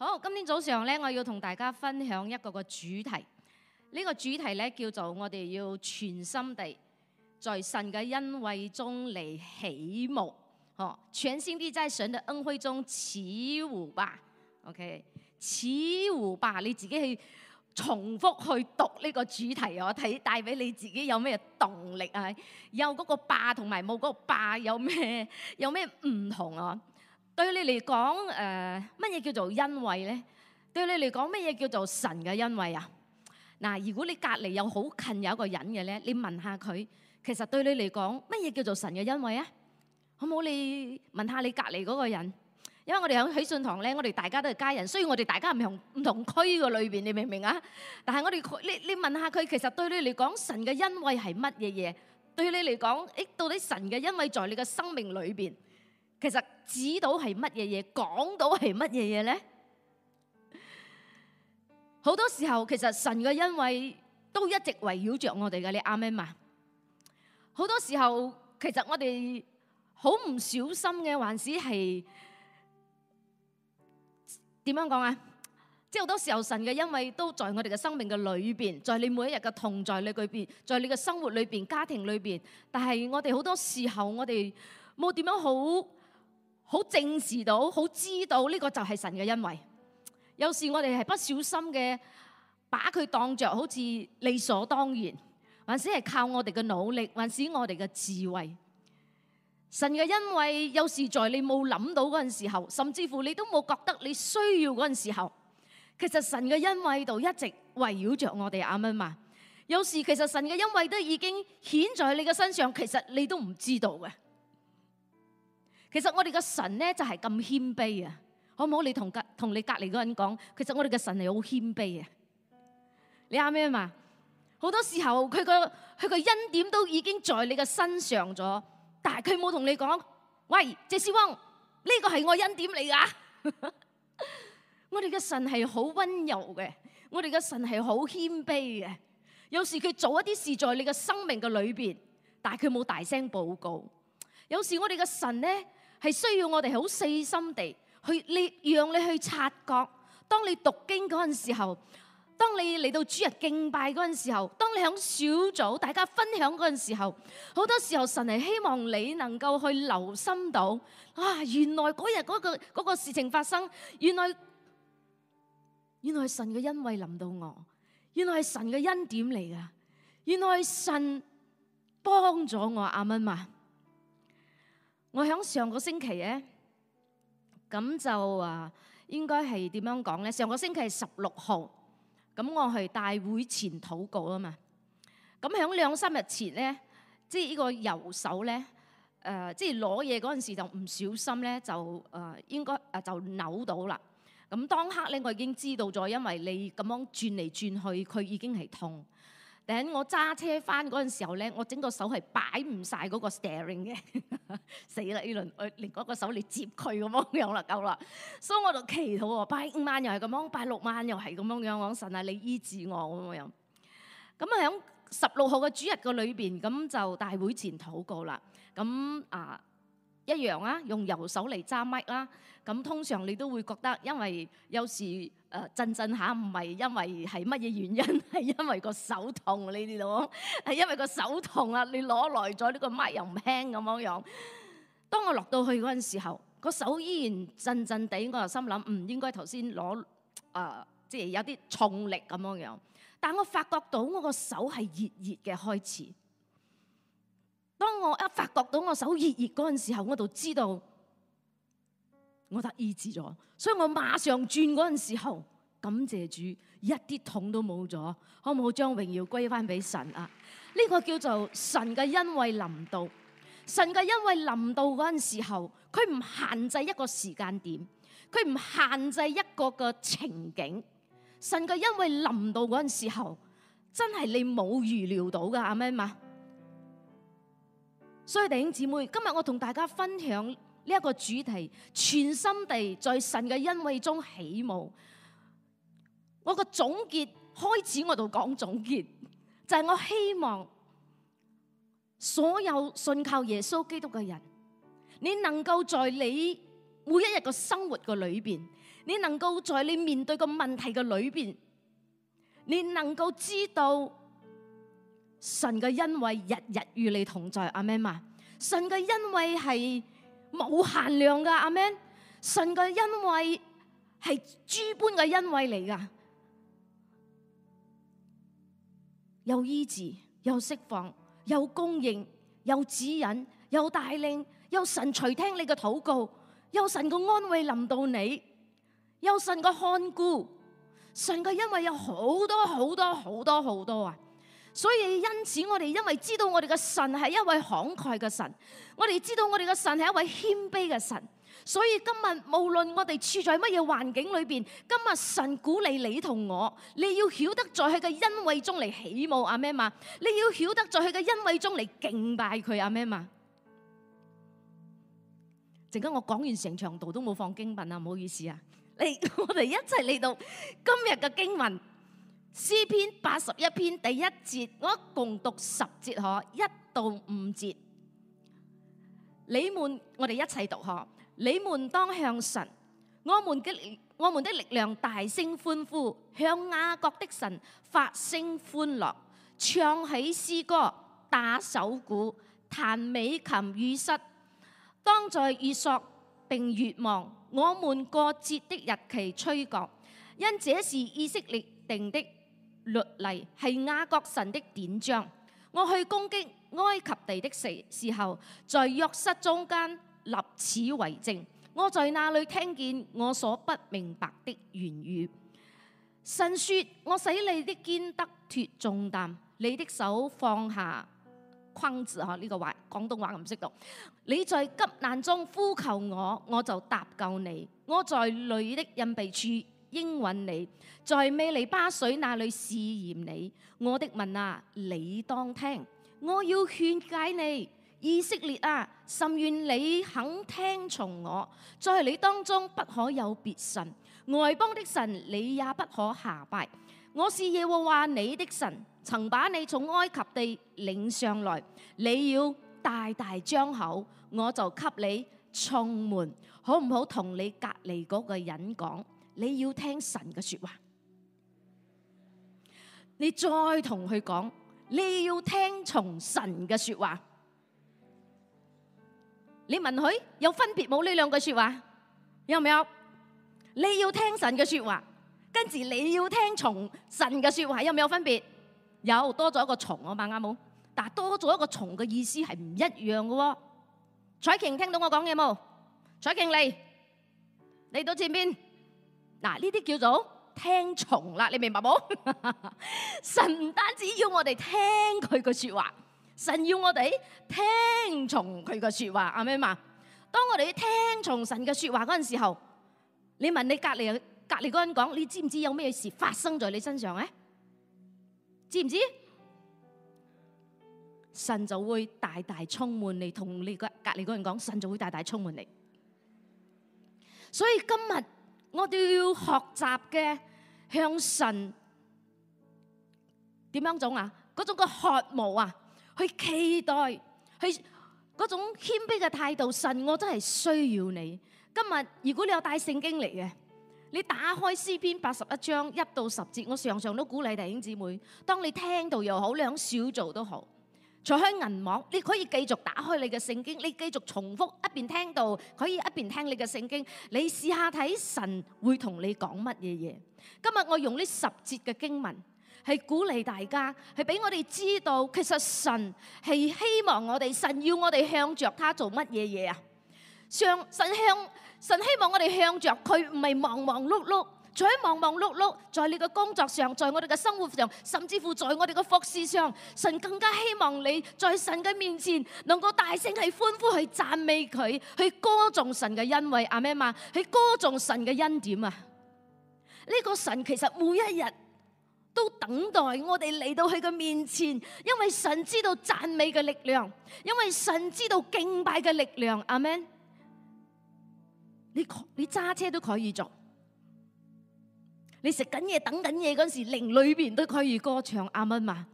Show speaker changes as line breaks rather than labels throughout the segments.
好，今天早上咧，我要同大家分享一個個主題。呢個主題咧叫做我哋要全心地在神嘅恩惠中嚟起舞，嗬！全心地在神的恩惠中起舞吧。OK，起舞吧，你自己去重複去讀呢個主題，我睇帶俾你自己有咩動力啊？有嗰個霸同埋冇嗰個霸有咩有咩唔同啊？對你嚟講，誒，乜嘢叫做恩惠咧？對你嚟講，乜嘢叫做神嘅恩惠啊？嗱，如果你隔離有好近有一個人嘅咧，你問下佢，其實對你嚟講，乜嘢叫做神嘅恩惠啊？好唔好你問下你隔離嗰個人，因為我哋喺喜訊堂咧，我哋大家都係家人，雖然我哋大家唔同唔同區嘅裏邊，你明唔明啊？但係我哋你你問下佢，其實對你嚟講，神嘅恩惠係乜嘢嘢？對你嚟講，誒，到底神嘅恩惠在你嘅生命裏邊？其實指到係乜嘢嘢？講到係乜嘢嘢咧？好多時候其實神嘅恩惠都一直圍繞着我哋嘅，你啱咪嘛？好多時候其實我哋好唔小心嘅，還是係點樣講啊？即係好多時候神嘅恩惠都在我哋嘅生命嘅裏邊，在你每一日嘅同在裏邊，在你嘅生活裏邊、家庭裏邊。但係我哋好多時候我哋冇點樣好。好正視到，好知道呢個就係神嘅恩惠。有時我哋係不小心嘅，把佢當著好似理所當然，還是係靠我哋嘅努力，還是我哋嘅智慧。神嘅恩惠有時在你冇諗到嗰陣時候，甚至乎你都冇覺得你需要嗰陣時候，其實神嘅恩惠度一直圍繞着我哋。阿 m a 嘛，有時其實神嘅恩惠都已經顯在你嘅身上，其實你都唔知道嘅。其實我哋嘅神呢就係咁謙卑啊，好唔好你同隔同你隔籬嗰人講，其實我哋嘅神係好謙卑啊。你啱咩嘛？好多時候佢個佢個恩典都已經在你嘅身上咗，但係佢冇同你講，喂，謝師翁，呢、這個係我恩典嚟噶。。 我哋嘅神係好溫柔嘅，我哋嘅神係好謙卑嘅。有時佢做一啲事在你嘅生命嘅裏邊，但係佢冇大聲報告。有時我哋嘅神呢？係需要我哋好細心地去你讓你去察覺，當你讀經嗰陣時候，當你嚟到主日敬拜嗰陣時候，當你喺小組大家分享嗰陣時候，好多時候神係希望你能夠去留心到，啊，原來嗰日嗰個、嗰個事情發生，原來原來神嘅恩惠臨到我，原來係神嘅恩典嚟噶，原來神幫咗我阿媽。我喺上個星期咧，咁就啊、呃，應該係點樣講咧？上個星期係十六號，咁我係大會前禱告啊嘛。咁喺兩三日前咧，即係呢個右手咧，誒、呃，即係攞嘢嗰陣時就唔小心咧，就誒、呃、應該誒、呃、就扭到啦。咁當刻咧，我已經知道咗，因為你咁樣轉嚟轉去，佢已經係痛。等我揸車翻嗰陣時候咧，我整個手係擺唔晒嗰個 steering 嘅， 死啦！呢輪我另一個手嚟接佢咁樣啦，夠啦。所、so, 以我就祈禱話：拜五晚又係咁樣，拜六晚又係咁樣樣。我神啊，你醫治我咁樣。咁喺十六號嘅主日嘅裏邊，咁就大會前禱告啦。咁啊～一樣啊，用右手嚟揸麥啦、啊。咁通常你都會覺得，因為有時誒、呃、震震下，唔係因為係乜嘢原因，係因為個手痛你知唔知？係因為個手痛啊，你攞來咗呢個麥又唔輕咁樣。當我落到去嗰陣時候，個手依然震震地，我又心諗唔、嗯、應該頭先攞誒，即係有啲重力咁樣。但我發覺到我個手係熱熱嘅開始。當我一發覺到我手熱熱嗰陣時候，我就知道我得醫治咗，所以我馬上轉嗰陣時候，感謝主，一啲痛都冇咗，可唔可以將榮耀歸翻俾神啊？呢個叫做神嘅恩惠臨到，神嘅恩惠臨到嗰陣時候，佢唔限制一個時間點，佢唔限制一個嘅情景，神嘅恩惠臨到嗰陣時候，真係你冇預料到噶，阿 m 嘛？所以弟兄姊妹，今日我同大家分享呢一個主題，全心地在神嘅恩惠中起舞。我個總結開始，我度講總結，就係我希望所有信靠耶穌基督嘅人，你能夠在你每一日嘅生活嘅裏邊，你能夠在你面對嘅問題嘅裏邊，你能夠知道。神嘅恩惠日日與你同在，阿 Man。媽。神嘅恩惠係冇限量噶，阿 Man，神嘅恩惠係諸般嘅恩惠嚟噶，有醫治，有釋放，有供應，有指引，有帶領，有神隨聽你嘅禱告，有神嘅安慰臨到你，有神嘅看顧，神嘅恩惠有好多好多好多好多啊！所以因此，我哋因為知道我哋嘅神係一位慷慨嘅神，我哋知道我哋嘅神係一位謙卑嘅神，所以今日無論我哋處在乜嘢環境裏邊，今日神鼓勵你同我，你要曉得在佢嘅恩惠中嚟起舞，阿們嘛，你要曉得在佢嘅恩惠中嚟敬拜佢，阿們嘛。陣間我講完成場道都冇放經文啊，唔好意思啊，你我哋一齊嚟到今日嘅經文。詩篇八十一篇第一節，我共讀十節可，一到五節。你們我哋一齊讀可，你們當向神，我們嘅我們的力量大聲歡呼，向雅各的神發聲歡樂，唱起詩歌，打手鼓，彈美琴與瑟，當在月朔並月望，我們過節的日期吹角，因這是以色列定的。律例係雅各神的典章。我去攻擊埃及地的時時候，在約瑟中間立此為證。我在那裏聽見我所不明白的言語。神說：我使你的肩得脫重擔，你的手放下筐子哈！呢、這個話廣東話我唔識讀。你在急難中呼求我，我就搭救你。我在雷的隱蔽處。應允你，在米利巴水那裏試驗你。我的問啊，你當聽，我要勸解你，以色列啊，甚願你肯聽從我。在你當中不可有別神，外邦的神你也不可下拜。我是耶和華你的神，曾把你從埃及地領上來。你要大大張口，我就給你充滿。好唔好同你隔籬嗰個人講。你要聽神嘅說話，你再同佢講，你要聽從神嘅說話。你問佢有分別冇呢兩句說話？有唔有？你要聽神嘅說話，跟住你要聽從神嘅說話，有唔有分別？有多咗一個從啊嘛，啱冇？但多咗一個從嘅意思係唔一樣嘅喎。彩瓊聽到我講嘢冇？彩瓊嚟嚟到前邊。嗱，呢啲叫做聽從啦，你明白冇？ 神唔單止要我哋聽佢嘅說話，神要我哋聽從佢嘅說話。阿咩嘛，當我哋聽從神嘅說話嗰陣時候，你問你隔籬、隔籬嗰人講，你知唔知有咩事發生在你身上咧？知唔知？神就會大大充滿你，同你個隔籬嗰人講，神就會大大充滿你。所以今日，我哋要學習嘅向神點樣做啊？嗰種嘅渴慕啊，去期待，去嗰種謙卑嘅態度。神，我真係需要你。今日如果你有帶聖經嚟嘅，你打開詩篇八十一章一到十節，我常常都鼓勵弟兄姊妹，當你聽到又好，兩小組都好。打開銀幕，你可以繼續打開你嘅聖經，你繼續重複一邊聽到，可以一邊聽你嘅聖經。你試下睇神會同你講乜嘢嘢？今日我用呢十節嘅經文係鼓勵大家，係俾我哋知道，其實神係希望我哋，神要我哋向着他做乜嘢嘢啊？上，神向，神希望我哋向着佢，唔係忙忙碌碌，在忙忙碌碌，在你嘅工作上，在我哋嘅生活上，甚至乎在我哋嘅服侍上，神更加希望你，在神嘅面前能夠大聲去歡呼、去讚美佢、去歌頌神嘅恩惠。阿 man 嘛，去歌頌神嘅恩典啊！呢個神其實每一日都等待我哋嚟到佢嘅面前，因為神知道讚美嘅力量，因為神知道敬拜嘅力量。阿 man，你你揸車都可以做。你食緊嘢，等緊嘢嗰時，靈裏邊都可以歌唱啱唔啱嘛，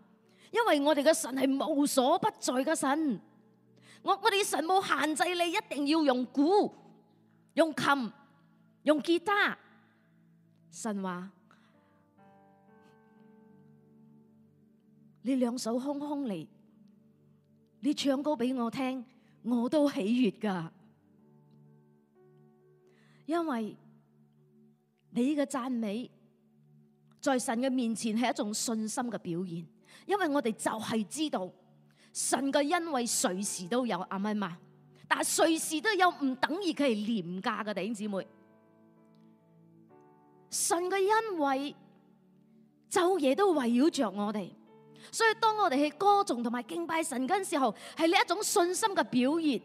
因為我哋嘅神係無所不在嘅神，我我哋神冇限制你，一定要用鼓、用琴、用吉他，神話你兩手空空嚟，你唱歌俾我聽，我都喜悅㗎，因為你嘅讚美在神嘅面前係一種信心嘅表現，因為我哋就係知道神嘅恩惠隨時都有㗎嘛，但係隨時都有唔等於佢係廉價嘅弟兄姊妹。神嘅恩惠，晝夜都圍繞着我哋，所以當我哋喺歌頌同埋敬拜神嗰陣時候，係呢一種信心嘅表現。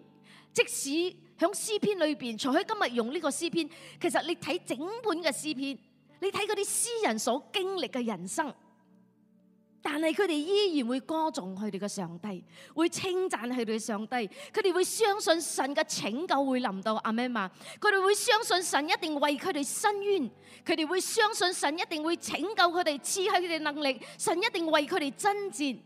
即使響詩篇裏邊，除咗今日用呢個詩篇，其實你睇整本嘅詩篇。你睇嗰啲詩人所經歷嘅人生，但係佢哋依然會歌頌佢哋嘅上帝，會稱讚佢哋嘅上帝，佢哋會相信神嘅拯救會臨到阿媽嘛？佢哋會相信神一定為佢哋申冤，佢哋會相信神一定會拯救佢哋，賜佢哋能力，神一定為佢哋爭戰。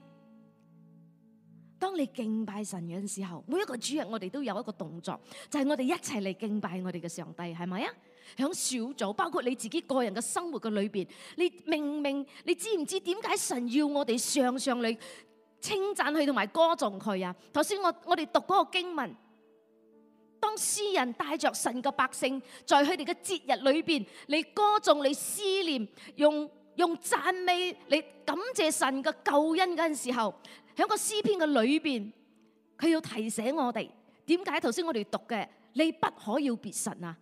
當你敬拜神嘅時候，每一個主日我哋都有一個動作，就係、是、我哋一齊嚟敬拜我哋嘅上帝，係咪啊？喺小組，包括你自己個人嘅生活嘅裏邊，你明明你知唔知點解神要我哋常常嚟稱讚佢同埋歌頌佢啊？頭先我我哋讀嗰個經文，當詩人帶着神嘅百姓，在佢哋嘅節日裏邊，你歌頌、你思念、用用讚美、你感謝神嘅救恩嗰陣時候，喺個詩篇嘅裏邊，佢要提醒我哋點解頭先我哋讀嘅你不可要別神啊？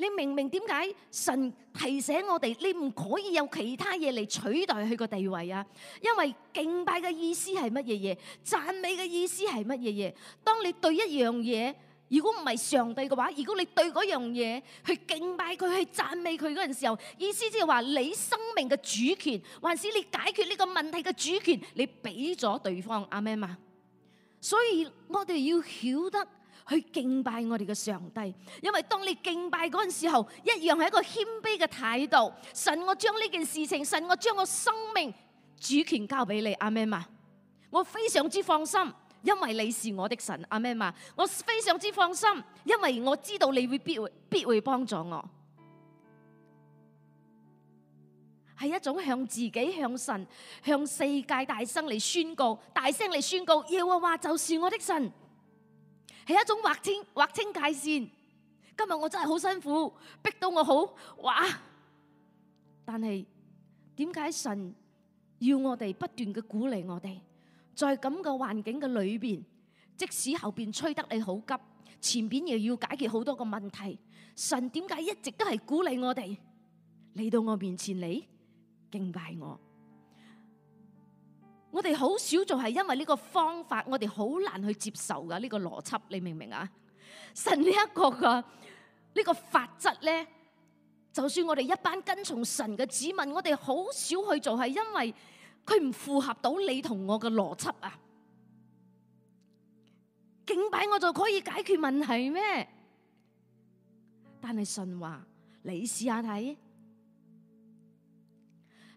你明明點解神提醒我哋，你唔可以有其他嘢嚟取代佢個地位啊？因為敬拜嘅意思係乜嘢嘢？讚美嘅意思係乜嘢嘢？當你對一樣嘢，如果唔係上帝嘅話，如果你對嗰樣嘢去敬拜佢，去讚美佢嗰陣時候，意思即係話你生命嘅主權，還是你解決呢個問題嘅主權，你俾咗對方阿們嘛？所以我哋要曉得。去敬拜我哋嘅上帝，因為當你敬拜嗰陣時候，一樣係一個謙卑嘅態度。神，我將呢件事情，神，我將我生命主權交俾你，阿們嘛，我非常之放心，因為你是我的神，阿們嘛，我非常之放心，因為我知道你會必會必會幫助我，係一種向自己、向神、向世界大聲嚟宣告，大聲嚟宣告，耶和華就是我的神。係一種劃清劃清界線。今日我真係好辛苦，逼到我好哇。但係點解神要我哋不斷嘅鼓勵我哋？在咁嘅環境嘅裏邊，即使後邊吹得你好急，前邊又要解決好多個問題。神點解一直都係鼓勵我哋嚟到我面前嚟敬拜我？我哋好少做係因為呢個方法，我哋好難去接受噶呢、這個邏輯，你明唔明啊？神呢、這、一個噶呢、這個法則咧，就算我哋一班跟從神嘅子民，我哋好少去做係因為佢唔符合到你同我嘅邏輯啊！敬拜我就可以解決問題咩？但係神話，你試下睇，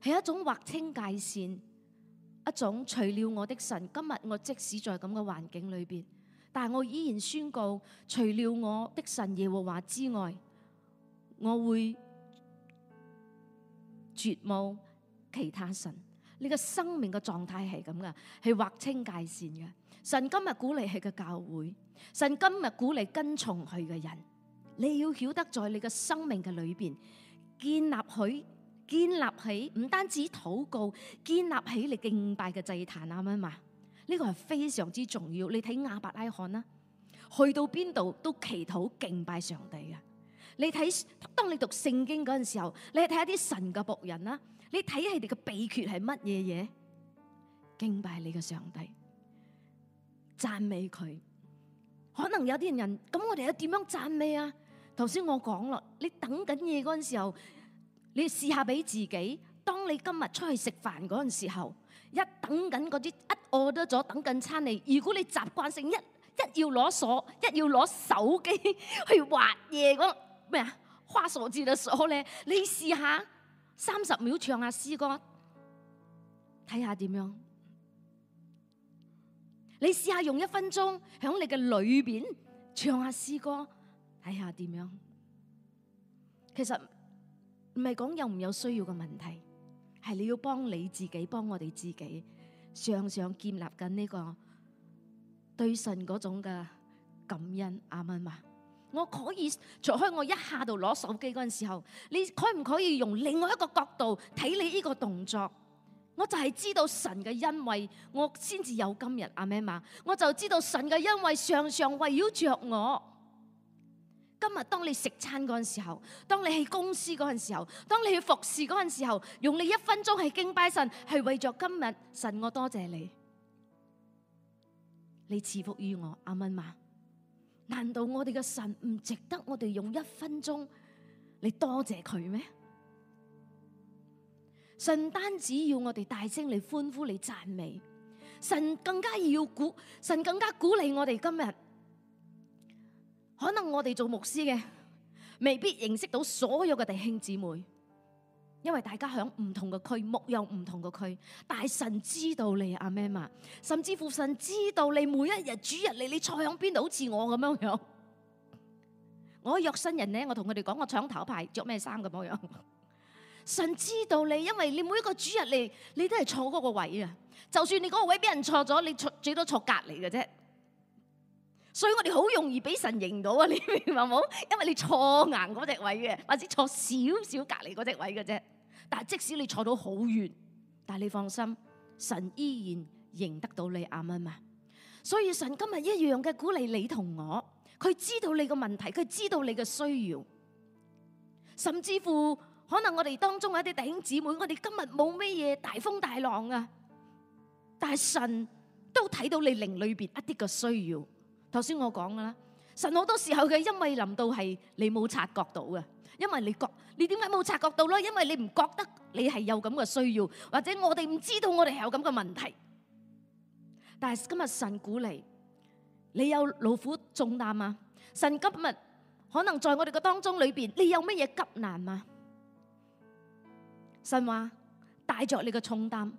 係一種劃清界線。一種除了我的神，今日我即使在咁嘅環境裏邊，但係我依然宣告，除了我的神耶和華之外，我會絕無其他神。你嘅生命嘅狀態係咁嘅，係劃清界線嘅。神今日鼓勵佢嘅教會，神今日鼓勵跟從佢嘅人。你要曉得，在你嘅生命嘅裏邊建立佢。建立起唔單止禱告，建立起你敬拜嘅祭壇啊，咁嘛，呢個係非常之重要。你睇亞伯拉罕啦，去到邊度都祈禱敬拜上帝嘅。你睇，當你讀聖經嗰陣時候，你睇下啲神嘅僕人啦，你睇下佢哋嘅祕訣係乜嘢嘢？敬拜你嘅上帝，讚美佢。可能有啲人咁，我哋又點樣讚美啊？頭先我講咯，你等緊嘢嗰陣時候。你試下俾自己，當你今日出去食飯嗰陣時候，一等緊嗰啲一餓得咗等緊餐嚟，如果你習慣性一一要攞鎖，一要攞手機去畫嘢嗰咩啊花字鎖住嘅鎖咧，你試下三十秒唱下詩歌，睇下點樣。你試下用一分鐘響你嘅裏邊唱下詩歌，睇下點樣。其實。唔係講有唔有需要嘅問題，係你要幫你自己，幫我哋自己，常常建立緊呢個對神嗰種嘅感恩。啱唔啱啊？我可以除開我一下度攞手機嗰陣時候，你可唔可以用另外一個角度睇你呢個動作？我就係知道神嘅恩惠，我先至有今日。啱唔啱啊？我就知道神嘅恩惠常常圍繞着我。今日當你食餐嗰陣時候，當你喺公司嗰陣時候，當你去服侍嗰陣時候，用你一分鐘去敬拜神，係為咗今日神，我多謝你，你賜福於我，阿們嘛？難道我哋嘅神唔值得我哋用一分鐘？你多謝佢咩？神單止要我哋大聲嚟歡呼你讚美神，更加要鼓，神更加鼓勵我哋今日。可能我哋做牧師嘅未必認識到所有嘅弟兄姊妹，因為大家響唔同嘅區，牧有唔同嘅區。但係神知道你阿媽、啊，甚至乎神知道你每一日主日嚟，你坐響邊度，好似我咁樣樣。我約新人咧，我同佢哋講，我坐響頭一排，着咩衫咁樣樣。神知道你，因為你每一個主日嚟，你都係坐嗰個位啊。就算你嗰個位俾人坐咗，你坐最多坐隔籬嘅啫。所以我哋好容易俾神認到啊！你明白冇，因為你坐硬嗰隻小小位嘅，或者坐少少隔離嗰隻位嘅啫。但係即使你坐到好遠，但係你放心，神依然認得到你啱吖嘛。所以神今日一樣嘅鼓勵你同我，佢知道你個問題，佢知道你嘅需要，甚至乎可能我哋當中有一啲弟兄姊妹，我哋今日冇咩嘢大風大浪啊，但係神都睇到你靈裏邊一啲嘅需要。頭先我講噶啦，神好多時候嘅，因為臨到係你冇察覺到嘅，因為你覺你點解冇察覺到咯？因為你唔覺得你係有咁嘅需要，或者我哋唔知道我哋係有咁嘅問題。但係今日神鼓勵你有勞苦重擔呀？神今日可能在我哋嘅當中裏邊，你有乜嘢急難呀？神話帶着你嘅重擔，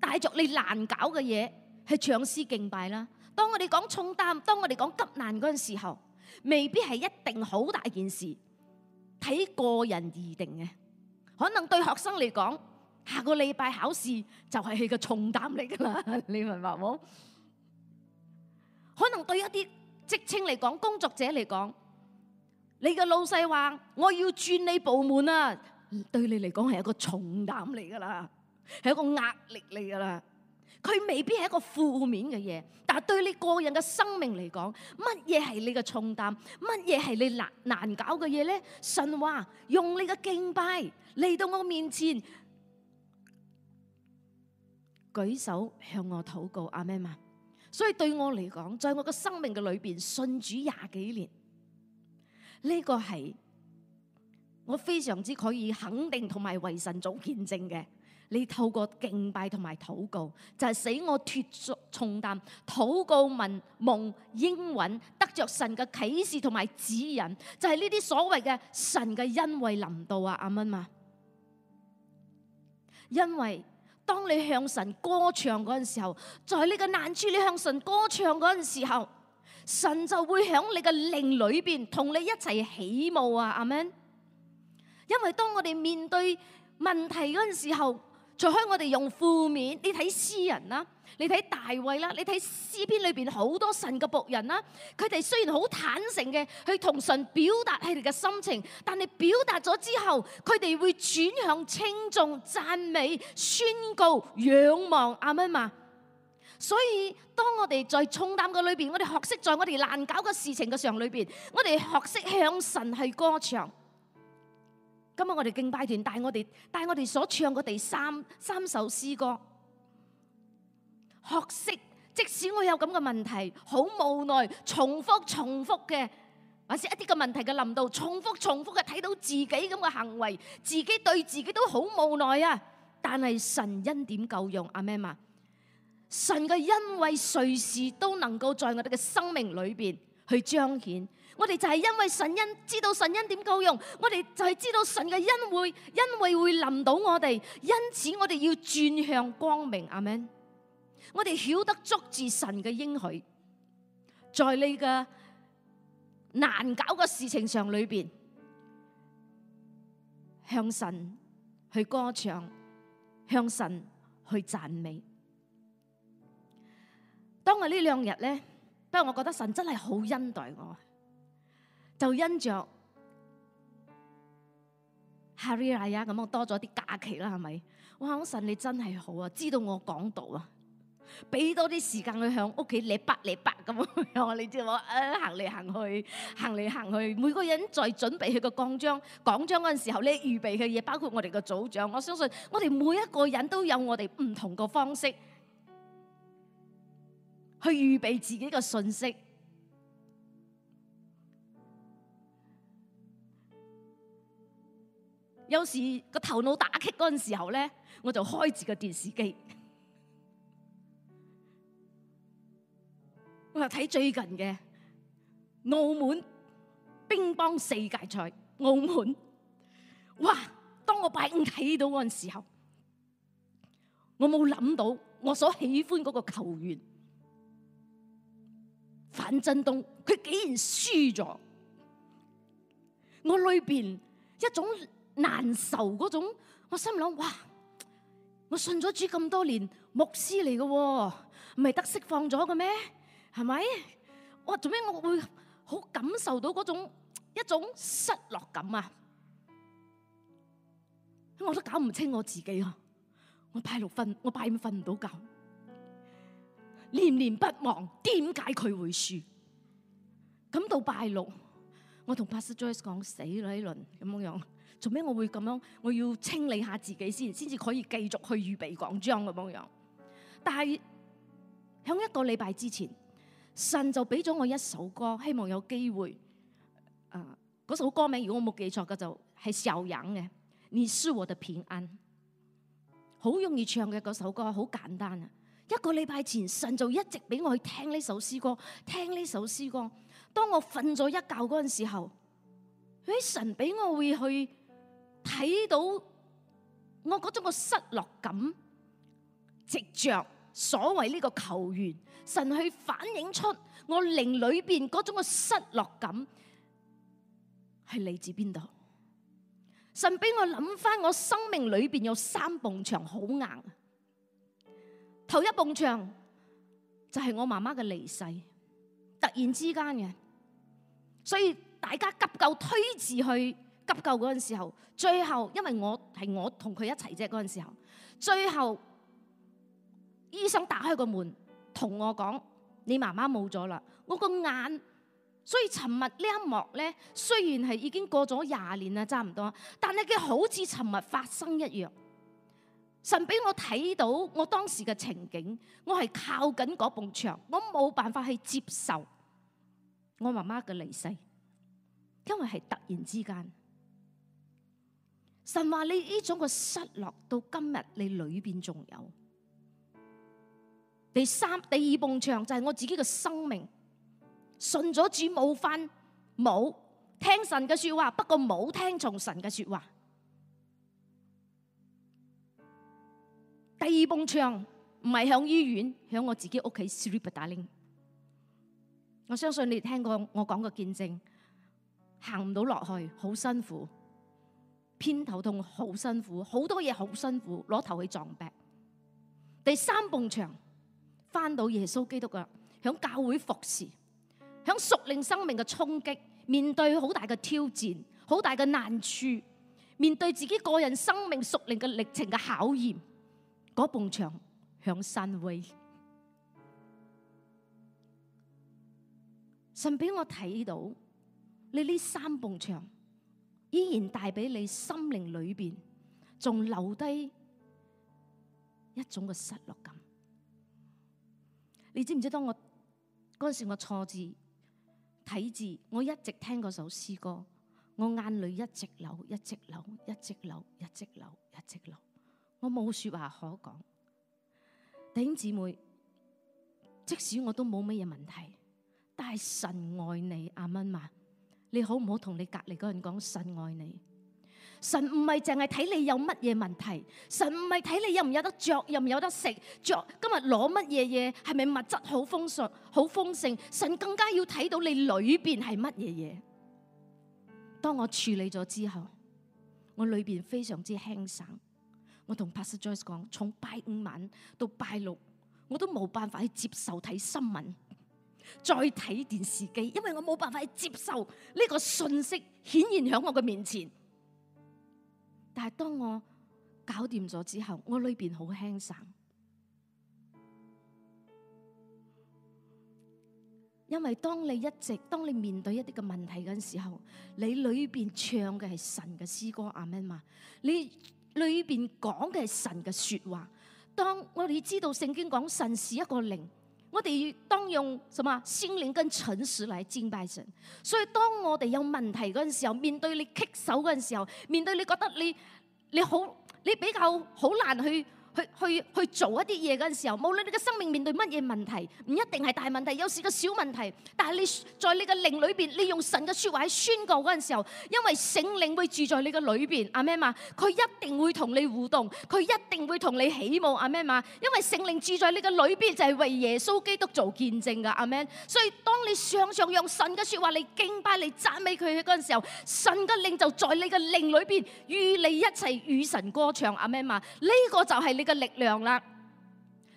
帶着你難搞嘅嘢，去唱詩敬拜啦。當我哋講重擔，當我哋講急難嗰陣時候，未必係一定好大件事，睇個人而定嘅。可能對學生嚟講，下個禮拜考試就係個重擔嚟噶啦，你明白冇？可能對一啲職稱嚟講，工作者嚟講，你個老細話我要轉你部門啊，對你嚟講係一個重擔嚟噶啦，係一個壓力嚟噶啦。佢未必係一個負面嘅嘢，但係對你個人嘅生命嚟講，乜嘢係你嘅重擔，乜嘢係你難難搞嘅嘢咧？神話用你嘅敬拜嚟到我面前，舉手向我禱告、Amen、啊！咩嘛？所以對我嚟講，在我嘅生命嘅裏邊信主廿幾年，呢、這個係我非常之可以肯定同埋為神做見證嘅。你透過敬拜同埋禱告，就係、是、使我脱重擔；禱告、文夢、應允，得着神嘅啟示同埋指引，就係呢啲所謂嘅神嘅恩惠臨到啊！阿門嘛，因為當你向神歌唱嗰陣時候，在你嘅難處你向神歌唱嗰陣時候，神就會喺你嘅靈裏邊同你一齊起,起舞啊！阿門因為當我哋面對問題嗰陣時候，除開我哋用負面，你睇詩人啦，你睇大衛啦，你睇詩篇裏邊好多神嘅僕人啦，佢哋雖然好坦誠嘅去同神表達佢哋嘅心情，但係表達咗之後，佢哋會轉向稱頌、讚美、宣告、仰望啊嘛嘛。所以當我哋在重擔嘅裏邊，我哋學識在我哋難搞嘅事情嘅時候裏邊，我哋學識向神去歌唱。今日我哋敬拜團帶我哋帶我哋所唱嘅第三三首詩歌，學識即使我有咁嘅問題，好無奈，重複重複嘅，或者一啲嘅問題嘅臨到，重複重複嘅睇到自己咁嘅行為，自己對自己都好無奈啊！但係神恩典夠用，阿門，神嘅恩惠隨時都能夠在我哋嘅生命裏邊去彰顯。我哋就係因為神恩，知道神恩點夠用，我哋就係知道神嘅恩惠，恩惠會臨到我哋，因此我哋要轉向光明，阿們，我哋曉得捉住神嘅應許，在你嘅難搞嘅事情上裏邊，向神去歌唱，向神去讚美。當我呢兩日咧，不過我覺得神真係好恩待我。就因著 Hari 呀，咁我多咗啲假期啦，係咪？哇！我神你真係好啊，知道我講道啊，俾多啲時間去響屋企咧，百咧百咁。我話你知冇？啊，行嚟行去，行嚟行去，每個人在準備佢個講章，講章嗰陣時候咧，預備嘅嘢包括我哋個組長。我相信我哋每一個人都有我哋唔同個方式去預備自己嘅信息。有時個頭腦打擊嗰陣時候咧，我就開住個電視機，我睇最近嘅澳門乒乓世界賽，澳門，哇！當我拜五睇到嗰陣時候，我冇諗到我所喜歡嗰個球員樊振東，佢竟然輸咗，我裏邊一種。難受嗰種，我心諗哇，我信咗主咁多年，牧師嚟嘅，唔係得釋放咗嘅咩？係咪？我做咩我會好感受到嗰種一種失落感啊？我都搞唔清我自己啊！我拜六瞓，我拜五瞓唔到覺，念念不忘，點解佢會輸？咁到拜六，我同 Pastor Joyce 講，死喇呢輪，咁樣。做咩我會咁樣？我要清理下自己先，先至可以繼續去預備講章咁樣，樣。但係響一個禮拜之前，神就俾咗我一首歌，希望有機會。啊、呃，嗰首歌名如果我冇記錯嘅就係、是、笑陽嘅《你是我的平安》。好容易唱嘅嗰首歌，好簡單啊！一個禮拜前神就一直俾我去聽呢首詩歌，聽呢首詩歌。當我瞓咗一覺嗰陣時候，誒，神俾我會去。睇到我嗰種嘅失落感，直着所謂呢個球員，神去反映出我靈裏邊嗰種嘅失落感，係嚟自邊度？神俾我諗翻，我生命裏邊有三埲牆好硬，頭一埲牆就係、是、我媽媽嘅離世，突然之間嘅，所以大家急救推咗去。急救嗰陣時候，最後因為我係我同佢一齊啫，嗰陣時候，最後醫生打開個門同我講：你媽媽冇咗啦。我個眼，所以尋日呢一幕呢，雖然係已經過咗廿年啦，差唔多，但係佢好似尋日發生一樣。神俾我睇到我當時嘅情景，我係靠緊嗰埲牆，我冇辦法去接受我媽媽嘅離世，因為係突然之間。神話你呢種嘅失落到今日，你裏邊仲有第三第二埲牆就係我自己嘅生命，信咗主冇瞓，冇聽神嘅說話，不過冇聽從神嘅說話。第二埲牆唔係響醫院，響我自己屋企 sleep 打鈴。我相信你聽過我講嘅見證，行唔到落去，好辛苦。偏頭痛好辛苦，好多嘢好辛苦，攞頭去撞壁。第三埲牆翻到耶穌基督嘅，響教會服侍，響屬靈生命嘅衝擊，面對好大嘅挑戰，好大嘅難處，面對自己個人生命屬靈嘅歷程嘅考驗，嗰埲牆響山威，神俾我睇到你呢三埲牆。依然帶俾你心靈裏邊，仲留低一種嘅失落感。你知唔知？當我嗰陣時，我錯字、睇字，我一直聽嗰首詩歌，我眼淚一直流，一直流，一直流，一直流，一直流。我冇說話可講，弟兄姊妹，即使我都冇乜嘢問題，但係神愛你，阿們。你好唔好同你隔籬嗰人講神愛你？神唔係淨係睇你有乜嘢問題，神唔係睇你有唔有得着，有唔有得食着？今日攞乜嘢嘢？係咪物質好豐盛？好豐盛？神更加要睇到你裏邊係乜嘢嘢？當我處理咗之後，我裏邊非常之輕省。我同 Pastor Joyce 講，從拜五晚到拜六，我都冇辦法去接受睇新聞。再睇電視機，因為我冇辦法接受呢個信息，顯現喺我嘅面前。但係當我搞掂咗之後，我裏邊好輕省，因為當你一直當你面對一啲嘅問題嗰陣時候，你裏邊唱嘅係神嘅詩歌阿媽嘛，你裏邊講嘅係神嘅說話。當我哋知道聖經講神是一個靈。我哋要當用什麼啊？心靈跟誠實來敬拜神。所以當我哋有問題嗰陣時候，面對你棘手嗰陣時候，面對你覺得你你好你比較好難去，去去做一啲嘢陣時候，無論你嘅生命面對乜嘢問題，唔一定係大問題，有時個小問題。但係你在你嘅靈裏邊，你用神嘅說話嚟宣告陣時候，因為聖靈會住在你嘅裏邊，阿們嘛，佢一定會同你互動，佢一定會同你起舞，阿們嘛。因為聖靈住在你嘅裏邊就係為耶穌基督做見證噶，阿們。所以當你常常用神嘅說話嚟敬拜、嚟讚美佢陣時候，神嘅靈就在你嘅靈裏邊與你一齊與神歌唱，阿們嘛。呢、這個就係你嘅嘅力量啦，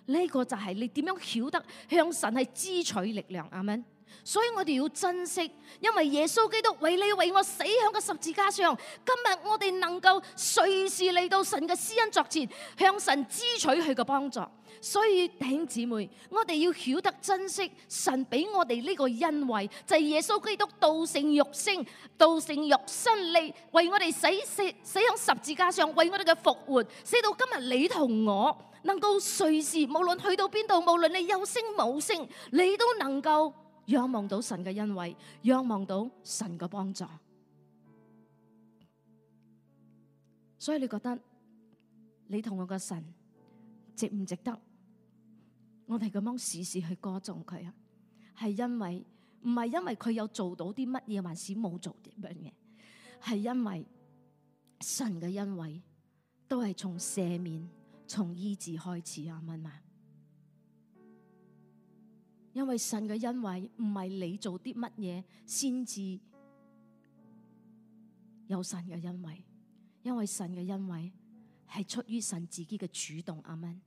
呢、這個就係你點樣曉得向神係支取力量啊？咩？所以我哋要珍惜，因為耶穌基督為你為我死喺個十字架上。今日我哋能夠隨時嚟到神嘅施恩座前，向神支取佢嘅幫助。所以弟兄姊妹，我哋要曉得珍惜神俾我哋呢個恩惠，就係、是、耶穌基督道成肉身，道成肉身嚟，為我哋死死死喺十字架上，為我哋嘅復活，死到今日你同我能夠隨時，無論去到邊度，無論你有聲冇聲，你都能夠。仰望到神嘅恩惠，仰望到神嘅幫助，所以你覺得你同我嘅神值唔值得？我哋咁樣時時去歌頌佢啊，係因為唔係因為佢有做到啲乜嘢，還是冇做啲乜嘢？係因為神嘅恩惠都係從赦免、從醫治開始啊，嘛嘛。因為神嘅恩惠唔係你做啲乜嘢先至有神嘅恩惠，因為神嘅恩惠係出於神自己嘅主動，阿們，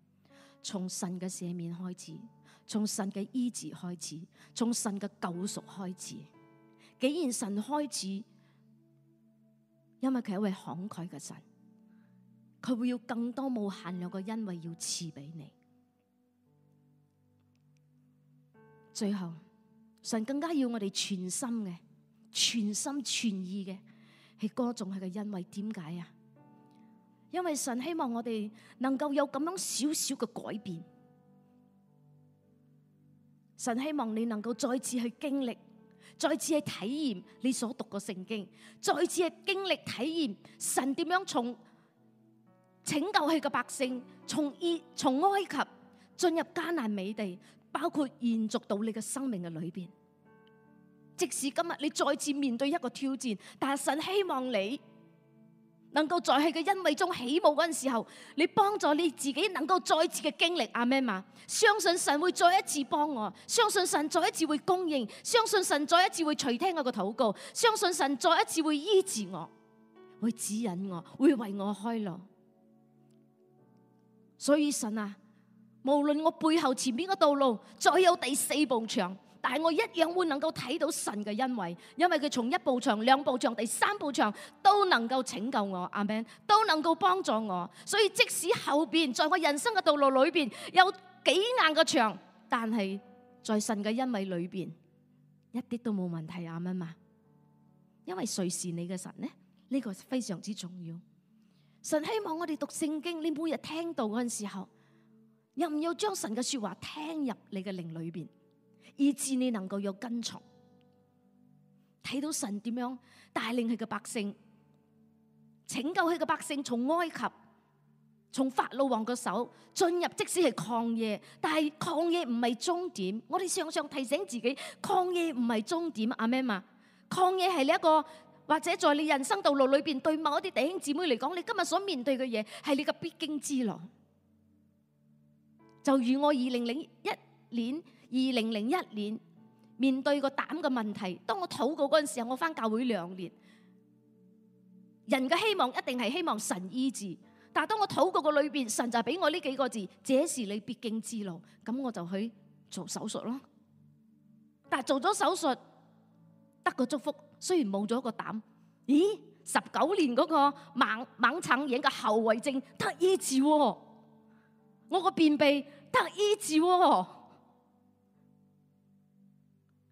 從神嘅赦免開始，從神嘅醫治開始，從神嘅救贖開始。既然神開始，因為佢係一位慷慨嘅神，佢會有更多無限量嘅恩惠要賜俾你。最後，神更加要我哋全心嘅、全心全意嘅去歌頌佢嘅，因為點解啊？因為神希望我哋能夠有咁樣少少嘅改變。神希望你能夠再次去經歷、再次去體驗你所讀嘅聖經，再次去經歷體驗神點樣從拯救佢嘅百姓，從而從埃及進入迦南美地。包括延續到你嘅生命嘅裏邊，即使今日你再次面對一個挑戰，但係神希望你能夠在佢嘅恩惠中起舞嗰陣時候，你幫助你自己能夠再次嘅經歷阿們嘛，相信神會再一次幫我，相信神再一次會供應，相信神再一次會垂聽我嘅禱告，相信神再一次會醫治我，會指引我，會為我開路。所以神啊！無論我背後前面嘅道路再有第四步牆，但係我一樣會能夠睇到神嘅恩惠，因為佢從一步牆、兩步牆、第三步牆都能夠拯救我，Amen 都能夠幫助我。所以即使後邊在我人生嘅道路裏邊有幾硬嘅牆，但係在神嘅恩惠裏邊一啲都冇問題，Amen 嘛，因為誰是你嘅神呢？呢個非常之重要。神希望我哋讀聖經，你每日聽到嗰陣時候。又唔要將神嘅說話聽入你嘅靈裏邊，以至你能夠有跟從，睇到神點樣帶領佢嘅百姓，拯救佢嘅百姓從埃及從法老王嘅手進入，即使係曠野，但係曠野唔係終點。我哋常常提醒自己，曠野唔係終點，阿們啊，曠野係你一個或者在你人生道路裏邊，對某一啲弟兄姊妹嚟講，你今日所面對嘅嘢係你嘅必經之路。就如我二零零一年、二零零一年面對個膽嘅問題，當我禱告嗰陣時候，我翻教會兩年。人嘅希望一定係希望神醫治，但係當我禱告個裏邊神就俾我呢幾個字，這是你必經之路。咁我就去做手術咯。但係做咗手術得個祝福，雖然冇咗個膽，咦？十九年嗰個猛猛產引嘅後遺症得醫治喎，我個便秘。得醫治。哦，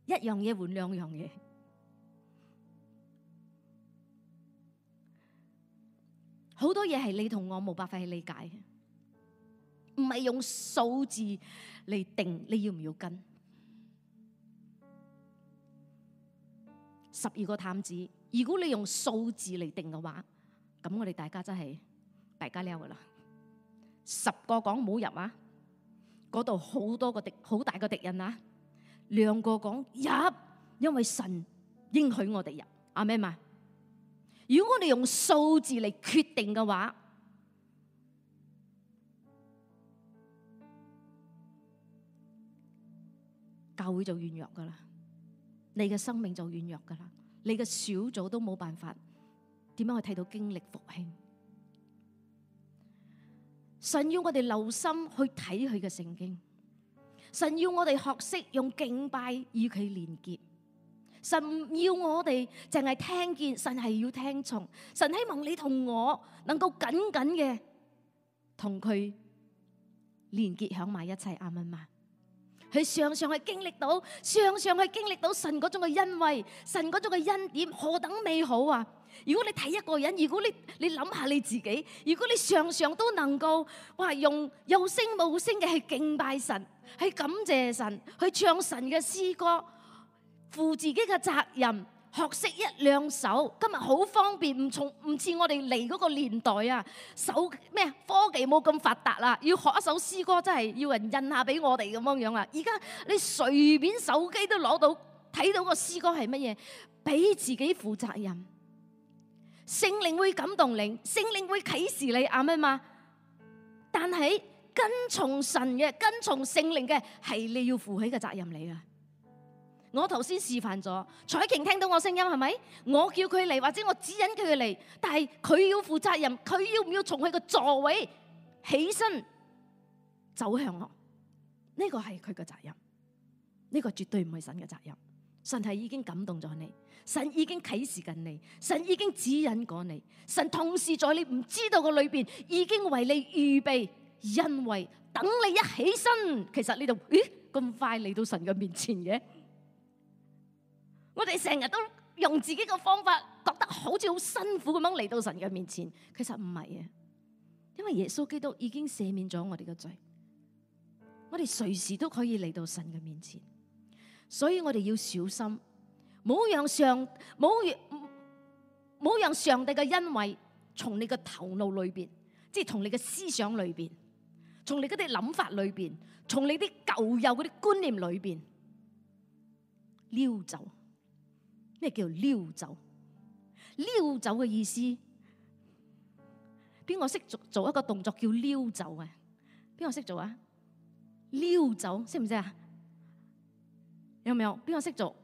一樣嘢換兩樣嘢，好多嘢係你同我冇辦法去理解，唔係用數字嚟定你要唔要跟十二個探子？如果你用數字嚟定嘅話，咁我哋大家真係大家撩噶啦，十個講冇入啊！嗰度好多個敵，好大個敵人啊！兩個講入，因為神應許我哋入，阿咩嘛？如果我哋用數字嚟決定嘅話，教會就軟弱㗎喇，你嘅生命就軟弱㗎喇，你嘅小組都冇辦法點樣去睇到經歷復興。神要我哋留心去睇佢嘅聖經，神要我哋學識用敬拜與佢連結，神要我哋淨係聽見，神係要聽從，神希望你同我能夠緊緊嘅同佢連結響埋一齊，啱唔啱？佢常常係經歷到，常常係經歷到神嗰種嘅恩惠，神嗰種嘅恩典何等美好啊！如果你睇一個人，如果你你諗下你自己，如果你常常都能夠，哇！用有聲冇聲嘅去敬拜神，去感謝神，去唱神嘅詩歌，負自己嘅責任，學識一兩首。今日好方便，唔從唔似我哋嚟嗰個年代啊，手機咩科技冇咁發達啦，要學一首詩歌真係要人印下俾我哋咁樣樣啊！而家你隨便手機都攞到睇到個詩歌係乜嘢，俾自己負責任。聖靈會感動你，聖靈會啟示你啱咩嘛？但係跟從神嘅，跟從聖靈嘅係你要負起嘅責任嚟啊！我頭先示範咗，彩瓊聽到我聲音係咪？我叫佢嚟，或者我指引佢嚟，但係佢要負責任，佢要唔要從佢嘅座位起身走向我？呢個係佢嘅責任，呢個絕對唔係神嘅責任。神係已經感動咗你，神已經啟示緊你，神已經指引過你，神同時在你唔知道嘅裏邊已經為你預備，因為等你一起身，其實你就咦咁快嚟到神嘅面前嘅。我哋成日都用自己嘅方法，覺得好似好辛苦咁樣嚟到神嘅面前，其實唔係嘅，因為耶穌基督已經赦免咗我哋嘅罪，我哋隨時都可以嚟到神嘅面前。所以我哋要小心，唔好讓上唔好唔好讓上帝嘅恩惠從你嘅頭腦裏邊，即係從你嘅思想裏邊，從你嗰啲諗法裏邊，從你啲舊有嗰啲觀念裏邊溜走。咩叫溜走？溜走嘅意思，邊個識做做一個動作叫溜走啊？邊個識做啊？溜走識唔識啊？知有冇有？邊個識做？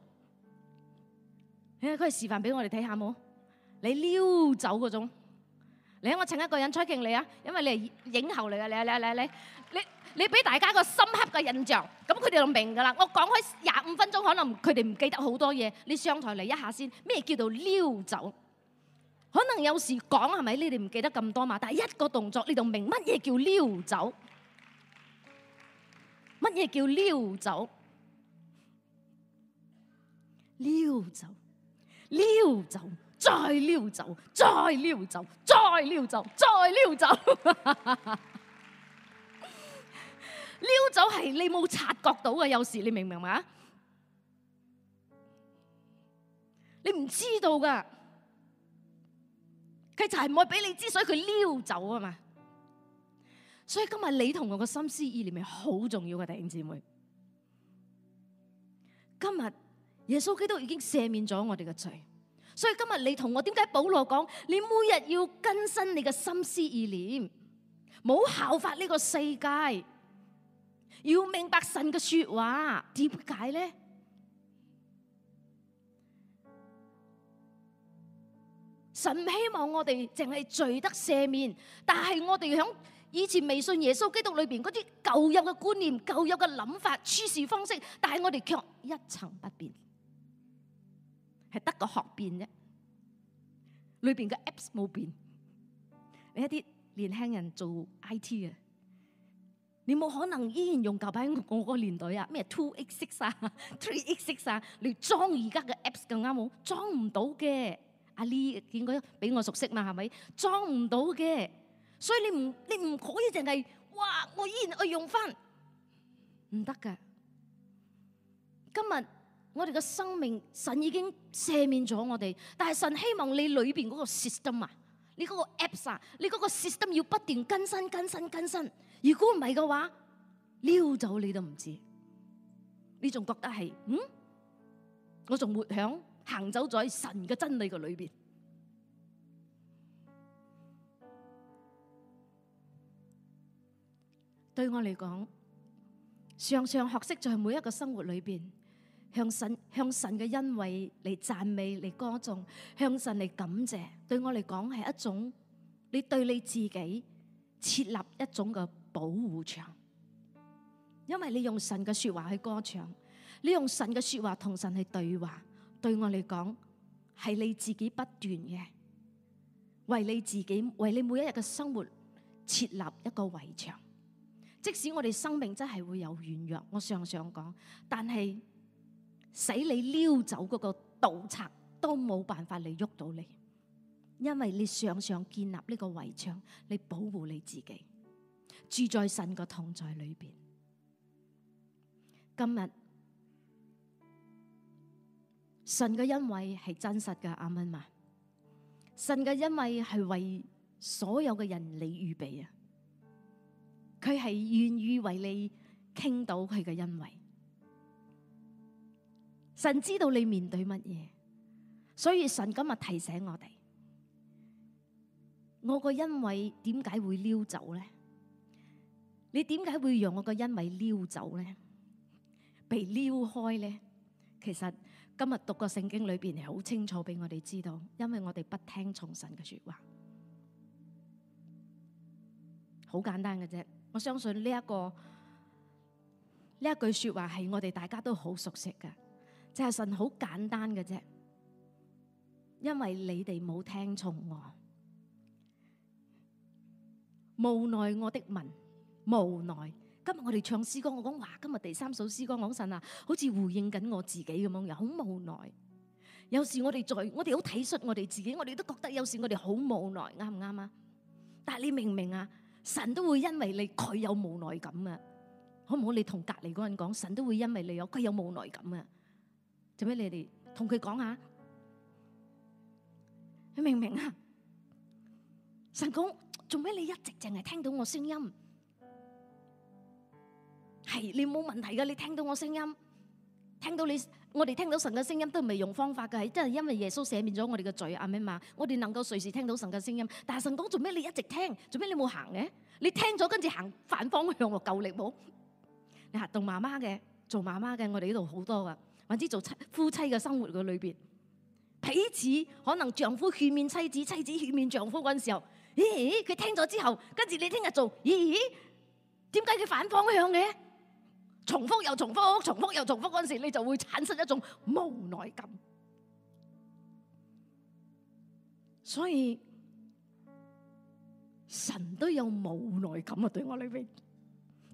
佢係示範俾我哋睇下冇？你撩走嗰種，嚟我請一個人採敬你啊！因為你係影后嚟嘅，你啊你啊你你你你俾大家個深刻嘅印象，咁佢哋就明噶啦。我講開廿五分鐘，可能佢哋唔記得好多嘢。你上台嚟一下先，咩叫做撩走？可能有時講係咪？你哋唔記得咁多嘛？但係一個動作，你就明乜嘢叫撩走？乜嘢叫撩走？溜走，溜走，再溜走，再溜走，再溜走，再溜走。溜 走係你冇察覺到嘅，有時你明唔明嘛？你唔知道噶，佢就係唔會俾你知，所以佢溜走啊嘛。所以今日你同我嘅心思意念係好重要嘅，弟兄姊妹，今日。耶穌基督已經赦免咗我哋嘅罪，所以今日你同我點解保羅講你每日要更新你嘅心思意念，唔好效法呢個世界，要明白神嘅說話。點解咧？神希望我哋淨係罪得赦免，但係我哋響以前未信耶穌基督裏邊嗰啲舊有嘅觀念、舊有嘅諗法、處事方式，但係我哋卻一成不變。係得個學變啫，裏邊嘅 apps 冇變。你一啲年輕人做 IT 嘅，你冇可能依然用舊版我個年代啊，咩 two x six 啊，three x six 啊，你裝而家嘅 apps 咁啱冇？裝唔到嘅。阿 Lee 應該比我熟悉嘛，係咪？裝唔到嘅，所以你唔你唔可以淨係，哇！我依然我用翻，唔得㗎。今日。我哋嘅生命，神已經赦免咗我哋，但係神希望你裏邊嗰個 system 啊，你嗰個 apps 啊，你嗰個 system 要不斷更新、更新、更新。如果唔係嘅話，溜走你都唔知，你仲覺得係嗯？我仲活響行走在神嘅真理嘅裏邊，對我嚟講，常常學識在每一個生活裏邊。向神，向神嘅恩惠嚟讚美嚟歌頌，向神嚟感謝，對我嚟講係一種你對你自己設立一種嘅保護牆，因為你用神嘅說話去歌唱，你用神嘅說話同神去對話，對我嚟講係你自己不斷嘅為你自己為你每一日嘅生活設立一個圍牆。即使我哋生命真係會有軟弱，我常常講，但係。使你溜走嗰個盜賊都冇辦法嚟喐到你，因為你常常建立呢個圍牆，你保護你自己，住在神個同在裏邊。今日神嘅恩惠係真實噶，阿們嘛，神嘅恩惠係為所有嘅人你預備啊，佢係願意為你傾倒佢嘅恩惠。神知道你面對乜嘢，所以神今日提醒我哋，「我個恩惠點解會溜走呢？你點解會讓我個恩惠溜走呢？被撩開呢？」其實今日讀個聖經裏邊係好清楚俾我哋知道，因為我哋不聽從神嘅說話，好簡單嘅啫。我相信呢一個呢一句說話係我哋大家都好熟悉㗎。就係神好簡單嘅啫，因為你哋冇聽從我，無奈我的民，無奈。今日我哋唱詩歌，我講話今日第三首詩歌講神啊，好似回應緊我自己咁樣，又好無奈。有時我哋在，我哋好體恤我哋自己，我哋都覺得有時我哋好無奈，啱唔啱啊？但係你明唔明啊？神都會因為你佢有無奈感啊！好唔好？你同隔籬嗰人講，神都會因為你有佢有無奈感啊！做咩？你哋同佢講下，你明唔明啊？神講，做咩你一直淨係聽到我聲音？係你冇問題噶，你聽到我聲音，聽到你，我哋聽到神嘅聲音都唔係用方法噶，係真係因為耶穌赦免咗我哋嘅罪啊？咪嘛。我哋能夠隨時聽到神嘅聲音，但係神講，做咩你一直聽？做咩你冇行嘅？你聽咗跟住行反方向喎，夠力冇？吓，做媽媽嘅，做媽媽嘅，我哋呢度好多噶。或者做夫妻嘅生活嘅裏邊，彼此可能丈夫勸勉妻子，妻子勸勉丈夫嗰陣時候，咦？佢聽咗之後，跟住你聽日做，咦？點解佢反方向嘅？重複又重複，重複又重複嗰陣時，你就會產生一種無奈感。所以神都有無奈感啊！對我裏邊。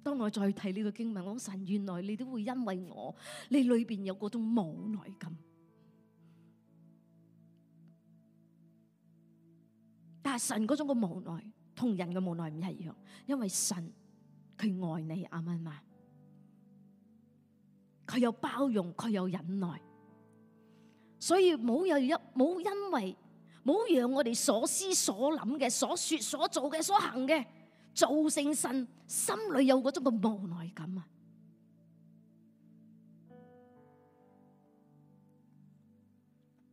當我再睇呢個經文，我講，神，原來你都會因為我，你裏邊有嗰種無奈感。但係神嗰種嘅無奈，同人嘅無奈唔一樣，因為神佢愛你啱唔啱嘛？佢有包容，佢有忍耐，所以冇有一冇因為冇讓我哋所思所諗嘅，所說所做嘅，所行嘅。造成神心裏有嗰種嘅無奈感啊！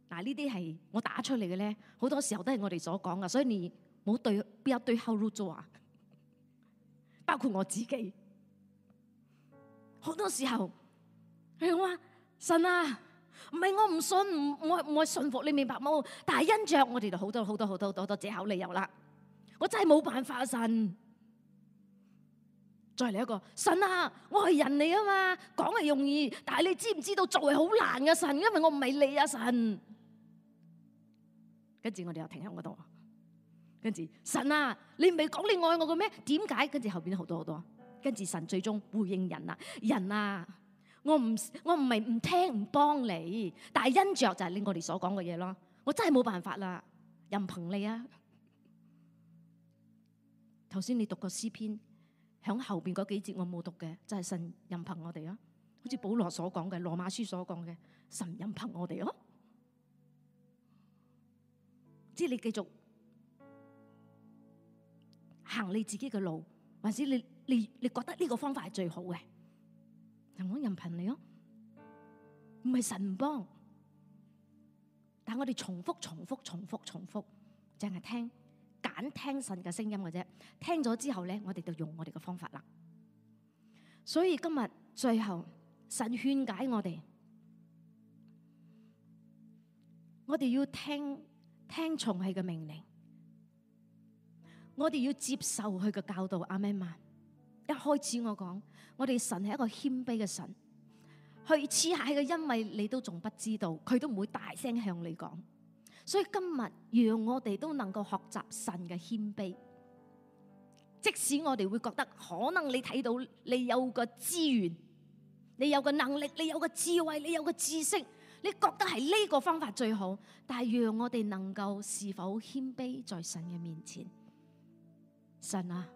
嗱，呢啲係我打出嚟嘅咧，好多時候都係我哋所講噶，所以你冇對邊一對口 root 啊！包括我自己，好多時候係我話神啊，唔係我唔信，我我信服你明白冇？但係因着我哋就好多好多好多好多借口理由啦，我真係冇辦法神。再嚟一個，神啊，我係人嚟啊嘛，講係容易，但係你知唔知道做係好難嘅，啊、神，因為我唔係你啊神。跟住我哋又停喺嗰度，跟住神啊，你唔係講你愛我嘅咩？點解？跟住後邊好多好多，跟住神最終回應人啊。人啊，我唔我唔係唔聽唔幫你，但係因着就係你我哋所講嘅嘢咯，我真係冇辦法啦，任憑你啊。頭先你讀過詩篇。響後邊嗰幾節我冇讀嘅，就係神任憑我哋咯，好似保羅所講嘅，羅馬書所講嘅，神任憑我哋咯，即係你繼續行你自己嘅路，或者你你你覺得呢個方法係最好嘅，神我任憑你咯，唔係神唔幫，但我哋重複重複重複重複淨係聽。揀聽神嘅聲音嘅啫，聽咗之後咧，我哋就用我哋嘅方法啦。所以今日最後，神勸解我哋，我哋要聽聽從佢嘅命令，我哋要接受佢嘅教導。阿們嗎，一開始我講，我哋神係一個謙卑嘅神，佢賜下嘅恩惠，你都仲不知道，佢都唔會大聲向你講。所以今日讓我哋都能夠學習神嘅謙卑，即使我哋會覺得可能你睇到你有個資源，你有個能力，你有個智慧，你有個知識，你覺得係呢個方法最好，但係讓我哋能夠是否謙卑在神嘅面前？神啊，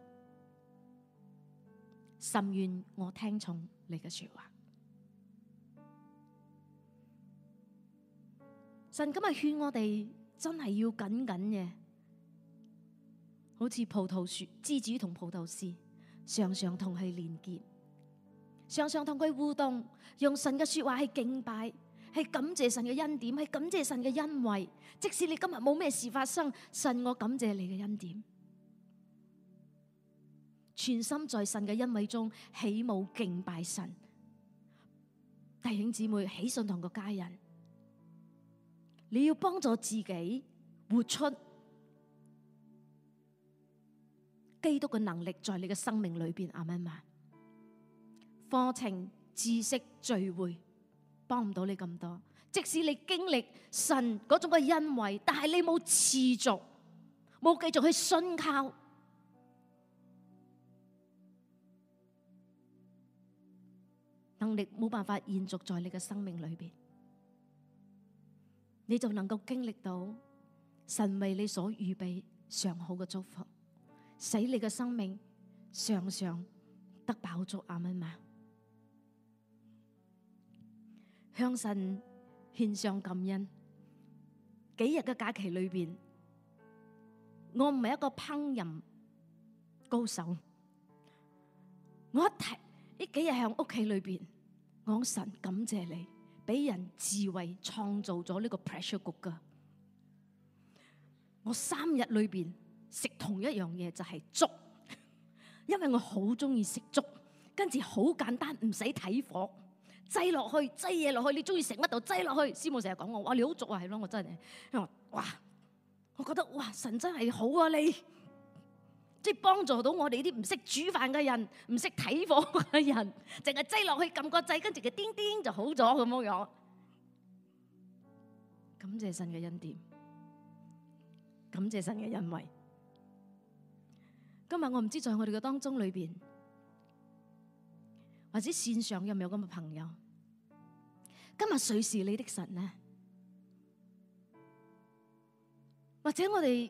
甚願我聽從你嘅說話。神今日勸我哋，真係要緊緊嘅，好似葡萄樹枝子同葡萄絲，常常同佢連結，常常同佢互動，用神嘅說話去敬拜，去感謝神嘅恩典，去感謝神嘅恩惠。即使你今日冇咩事發生，神我感謝你嘅恩典，全心在神嘅恩惠中起舞敬拜神。弟兄姊妹，起信同個家人。你要幫助自己活出基督嘅能力，在你嘅生命裏邊。阿媽媽，課程、知識、聚會，幫唔到你咁多。即使你經歷神嗰種嘅恩惠，但係你冇持續，冇繼續去信靠，能力冇辦法延續在你嘅生命裏邊。你就能夠經歷到神為你所預備上好嘅祝福，使你嘅生命常常得飽足，啱唔啱？向神獻上感恩。幾日嘅假期裏邊，我唔係一個烹飪高手，我一提呢幾日喺我屋企裏邊，我講神感謝你。俾人智慧創造咗呢個 pressure 煲噶，我三日裏邊食同一樣嘢就係、是、粥， 因為我好中意食粥，跟住好簡單唔使睇火，擠落去擠嘢落去，你中意食乜就擠落去。師母成日講我，哇你好俗啊，係咯我真係，我哇，我覺得哇神真係好啊你。即係幫助到我哋呢啲唔識煮飯嘅人，唔識睇火嘅人，淨係擠落去撳個掣，跟住佢叮叮就好咗咁樣樣。感謝神嘅恩典，感謝神嘅恩惠。今日我唔知在我哋嘅當中裏邊，或者線上有冇咁嘅朋友？今日誰是你的神呢？或者我哋？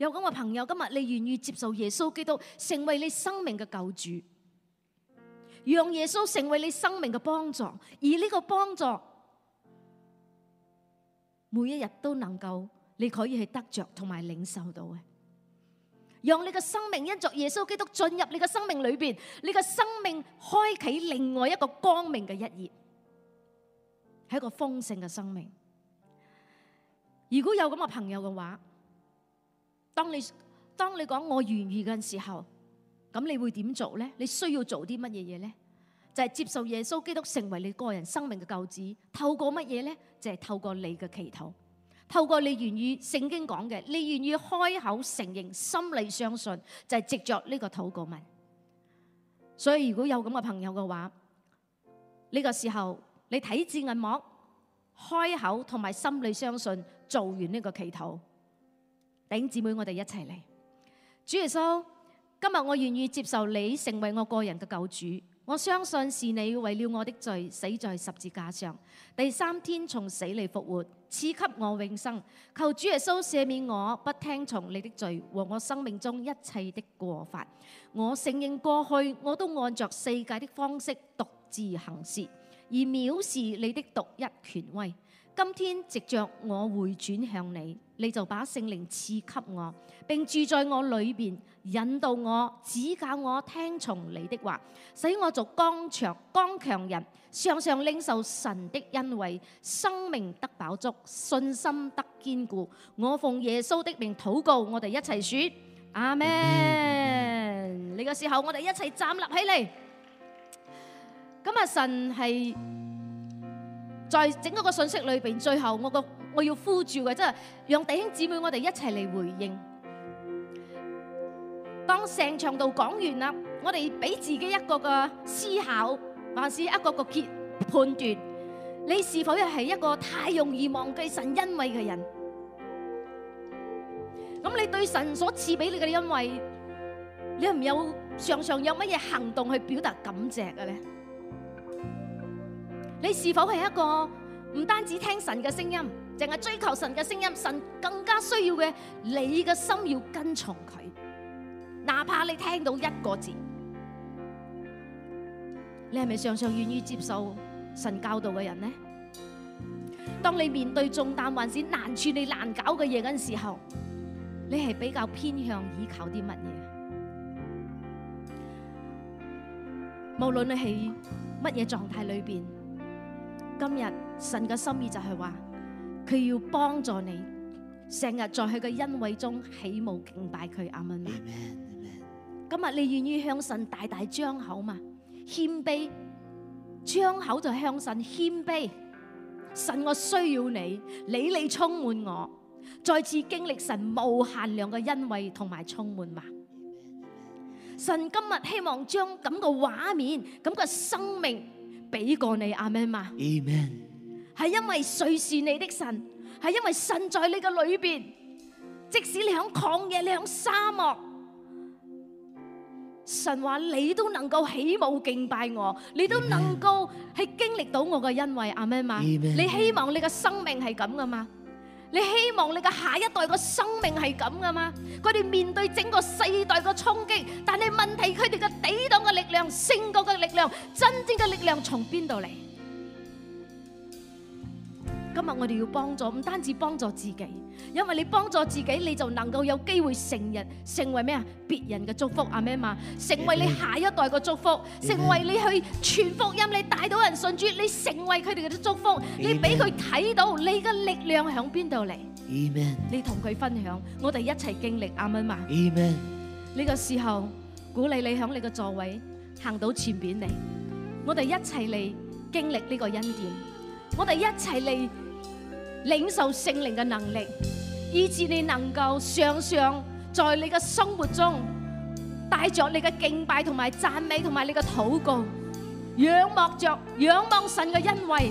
有咁嘅朋友，今日你願意接受耶穌基督成為你生命嘅救主，讓耶穌成為你生命嘅幫助，而呢個幫助每一日都能夠你可以去得着同埋領受到嘅，讓你嘅生命因着耶穌基督進入你嘅生命裏邊，你嘅生命開啟另外一個光明嘅一頁，係一個豐盛嘅生命。如果有咁嘅朋友嘅話。當你當你講我願意嘅時候，咁你會點做呢？你需要做啲乜嘢嘢呢？就係接受耶穌基督成為你個人生命嘅救主。透過乜嘢呢？就係透過你嘅祈禱，透過你願意聖經講嘅，你願意開口承認，心裏相信，就係藉着呢個禱告文。所以如果有咁嘅朋友嘅話，呢個時候你睇字銀幕，開口同埋心裏相信，做完呢個祈禱。頂姊妹，我哋一齊嚟。主耶穌，今日我願意接受你成為我個人嘅救主。我相信是你為了我的罪死在十字架上，第三天從死裏復活，賜給我永生。求主耶穌赦免我不聽從你的罪和我生命中一切的過犯。我承認過去我都按着世界的方式獨自行事，而藐視你的獨一權威。今天藉着我回轉向你。你就把聖靈賜給我，並住在我裏邊，引導我、指教我聽從你的話，使我做剛強、剛強人，常常領受神的恩惠，生命得飽足，信心得堅固。我奉耶穌的名禱告，我哋一齊說阿門。呢個時候我哋一齊站立起嚟。咁呀神係在整個個信息裏邊，最後我個。我要呼住嘅，即係讓弟兄姊妹，我哋一齊嚟回應。當成場道講完啦，我哋俾自己一個個思考，還是一個個結判斷，你是否又係一個太容易忘記神恩惠嘅人？咁你對神所賜俾你嘅恩惠，你係唔有常常有乜嘢行動去表達感謝嘅咧？你是否係一個唔單止聽神嘅聲音？淨係追求神嘅聲音，神更加需要嘅，你嘅心要跟從佢，哪怕你聽到一個字，你係咪常常願意接受神教導嘅人呢？當你面對重擔、還是難處、你難搞嘅嘢嗰時候，你係比較偏向依靠啲乜嘢？無論你喺乜嘢狀態裏邊，今日神嘅心意就係話。佢要幫助你，成日在佢嘅恩惠中起舞敬拜佢。阿門。今日你願意向神大大張口嗎？謙卑，張口就向神謙卑。神，我需要你，你你充滿我，再次經歷神無限量嘅恩惠同埋充滿嘛？神今日希望將咁個畫面，咁個生命俾過你。阿門嘛？係因為誰是你的神？係因為神在你嘅裏邊，即使你喺曠野，你喺沙漠，神話你都能夠起舞敬拜我，你都能夠係經歷到我嘅恩惠。明白嘛，你希望你嘅生命係咁噶嘛？你希望你嘅下一代嘅生命係咁噶嘛？佢哋面對整個世代嘅衝擊，但係問題佢哋嘅抵擋嘅力量、勝過嘅力量、真正嘅力量從邊度嚟？今日我哋要幫助，唔單止幫助自己，因為你幫助自己，你就能夠有機會成日成為咩啊？別人嘅祝福阿咩嘛？Amen. 成為你下一代嘅祝福，Amen. 成為你去傳福音，你帶到人信主，你成為佢哋嘅祝福，Amen. 你俾佢睇到你嘅力量響邊度嚟？Amen. 你同佢分享，我哋一齊經歷阿咩嘛？呢 Amen. 個時候鼓勵你響你嘅座位，行到前邊嚟，我哋一齊嚟經歷呢個恩典。我哋一齊嚟領受聖靈嘅能力，以致你能夠常常在你嘅生活中，帶着你嘅敬拜同埋讚美同埋你嘅禱告，仰望著仰望神嘅恩惠。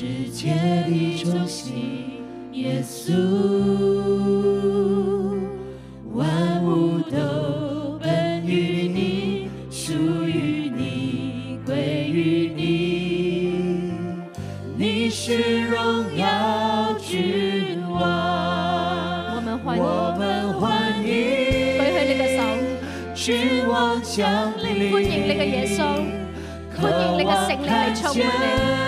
世界的中心，耶穌，萬物都本於你，屬於你，歸於你。你是榮耀君王，我們歡迎，我們歡迎你，君王降臨，歡迎你嘅耶穌，歡迎你嘅勝利嚟充滿你。你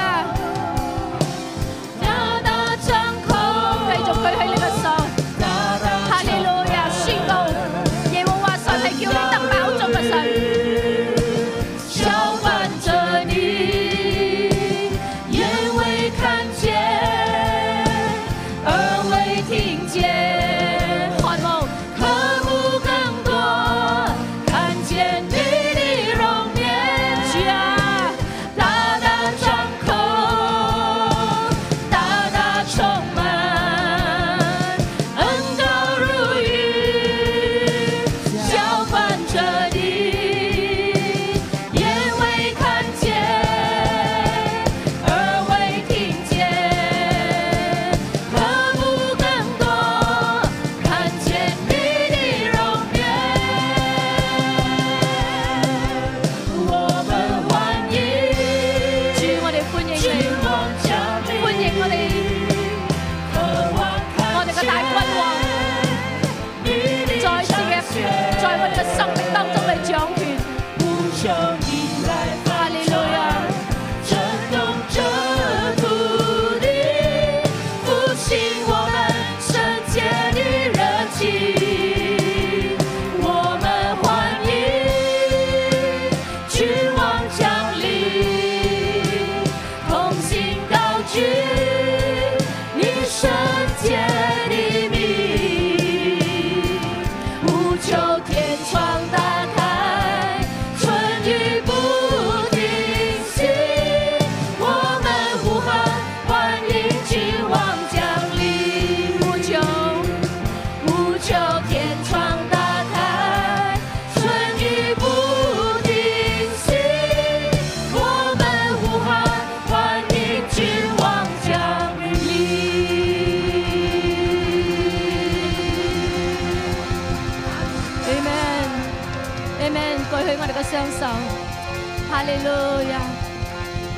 累啊！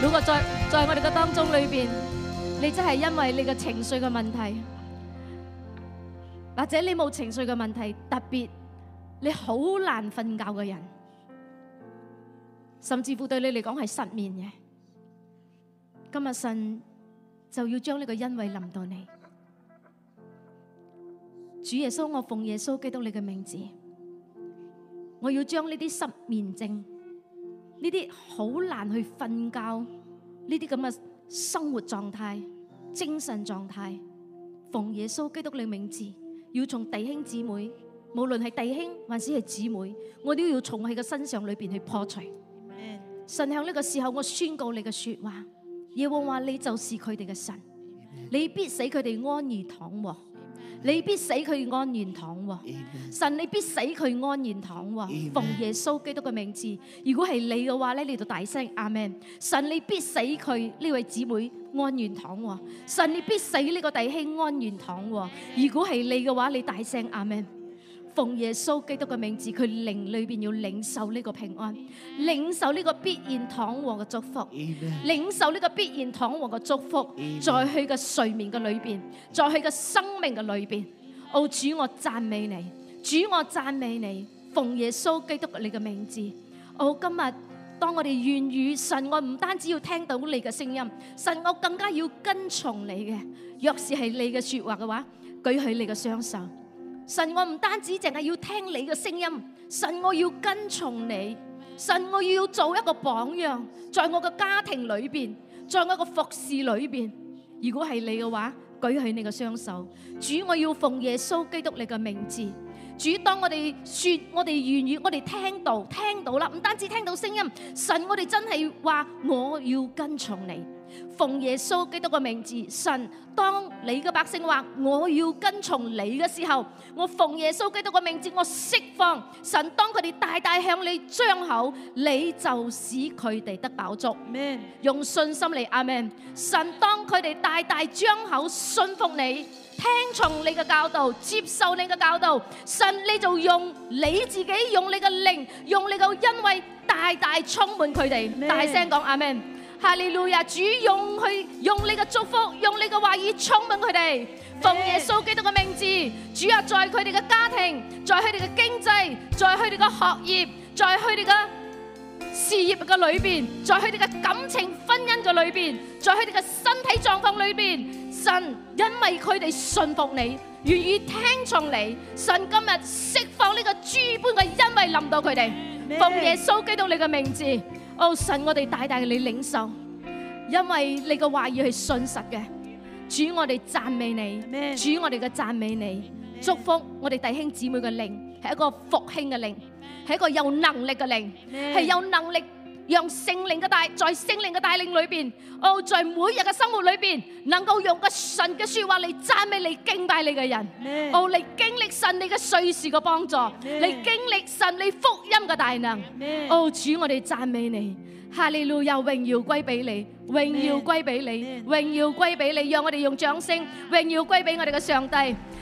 如果在在我哋
嘅當中裏邊，你真係因為你嘅情緒嘅問題，或者你冇情緒嘅問題，特別你好難瞓覺嘅人，甚至乎對你嚟講係失眠嘅，今日神就要將呢個恩惠臨到你。主耶穌，我奉耶穌基督你嘅名字，我要將呢啲失眠症。呢啲好難去瞓覺，呢啲咁嘅生活狀態、精神狀態，奉耶穌基督你名字，要從弟兄姊妹，無論係弟兄還是係姊妹，我都要從佢嘅身上裏邊去破除。神向呢個時候，我宣告你嘅說話，耶和華你就是佢哋嘅神，你必使佢哋安而躺臥。你必死佢安然躺喎，神你必死佢安然躺喎，奉耶穌基督嘅名字，如果係你嘅話咧，你就大聲阿門。神你必死佢呢位姊妹安然躺喎，神你必死呢個弟兄安然躺喎，如果係你嘅話，你大聲阿門。奉耶穌基督嘅名字，佢靈裏邊要領受呢個平安，領受呢個必然堂皇嘅祝福，領受呢個必然堂皇嘅祝福，在佢嘅睡眠嘅裏邊，在佢嘅生命嘅裏邊。哦，主我讚美你，主我讚美你，奉耶穌基督你嘅名字。哦，今日當我哋願與神，我唔單止要聽到你嘅聲音，神我更加要跟從你嘅。若是係你嘅說話嘅話，舉起你嘅雙手。神，我唔單止淨係要聽你嘅聲音，神，我要跟從你，神，我要做一個榜樣，在我嘅家庭裏面，在我嘅服侍裏面。如果係你嘅話，舉起你嘅雙手，主，我要奉耶穌基督你嘅名字。主，當我哋說，我哋言語，我哋聽到，聽到啦，唔單止聽到聲音，神，我哋真係話我要跟從你，奉耶穌基督嘅名字，神，當你嘅百姓話我要跟從你嘅時候，我奉耶穌基督嘅名字，我釋放。神，當佢哋大大向你張口，你就使佢哋得飽足。阿門。用信心嚟，阿門。神，當佢哋大大張口信服你，聽從你嘅教導，接受你嘅教導，神你就用你自己，用你嘅靈，用你嘅恩惠大大充滿佢哋，Amen. 大聲講阿門！哈利路亞！主用去用你嘅祝福，用你嘅話語充滿佢哋，奉 Amen. 耶穌基督嘅名字，主啊，在佢哋嘅家庭，在佢哋嘅經濟，在佢哋嘅學業，在佢哋嘅。事業嘅裏邊，在佢哋嘅感情、婚姻嘅裏邊，在佢哋嘅身體狀況裏邊，神因為佢哋信服你，願意聽從你，神今日釋放呢個諸般嘅恩惠臨到佢哋，奉耶穌基督你嘅名字，哦神，我哋大大地領受，因為你嘅話語係信實嘅，主我哋讚美你，主我哋嘅讚美你，祝福我哋弟兄姊妹嘅靈係一個復興嘅靈。係一個有能力嘅靈，係有能力讓聖靈嘅大，在聖靈嘅帶領裏邊，哦，在每日嘅生活裏邊，能夠用個神嘅說話嚟讚美你、敬拜你嘅人，哦嚟經歷神你嘅隨時嘅幫助，嚟經歷神你福音嘅大能。哦，主我哋讚美你，哈利路亞，榮耀歸俾你。榮耀歸俾你，榮耀歸俾你，讓我哋用掌聲榮耀歸俾我哋嘅上帝，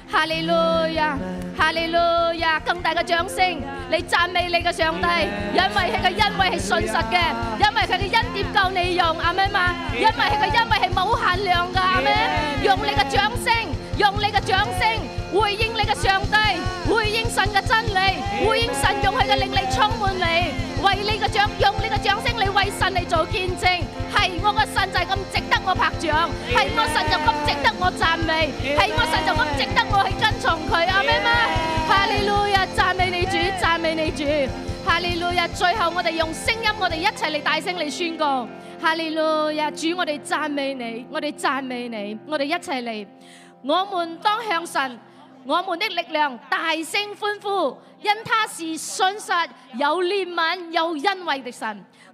哈利路亞，哈利路亞，更大嘅掌聲你讚美你嘅上帝，因為佢嘅恩惠係信實嘅，因為佢嘅恩典夠你用，啱唔啱？因為佢嘅恩惠係冇限量噶，用你嘅掌聲，用你嘅掌聲回應你嘅上帝，回應神嘅真理，回應神用佢嘅靈力充滿你，為你嘅掌用你嘅掌聲嚟為神嚟做見證，係我。我個神就咁值得我拍掌，係我神就咁值得我讚美，係我神就咁值得我去跟從佢，阿們！哈利路亞，讚美你主，讚美你主。哈利路亞，最後我哋用聲音，我哋一齊嚟，大聲嚟宣告：哈利路亞，主，我哋讚美你，我哋讚美你，我哋一齊嚟。我們當向神，我們的力量大聲歡呼，因他是信實有憐憫有恩惠的神。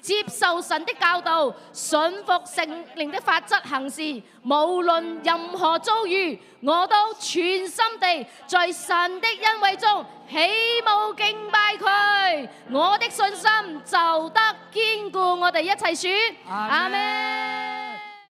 接受神的教導，信服聖靈的法則行事，無論任何遭遇，我都全心地在神的恩惠中起舞敬拜佢。我的信心就得堅固我，我哋一齊選。阿門。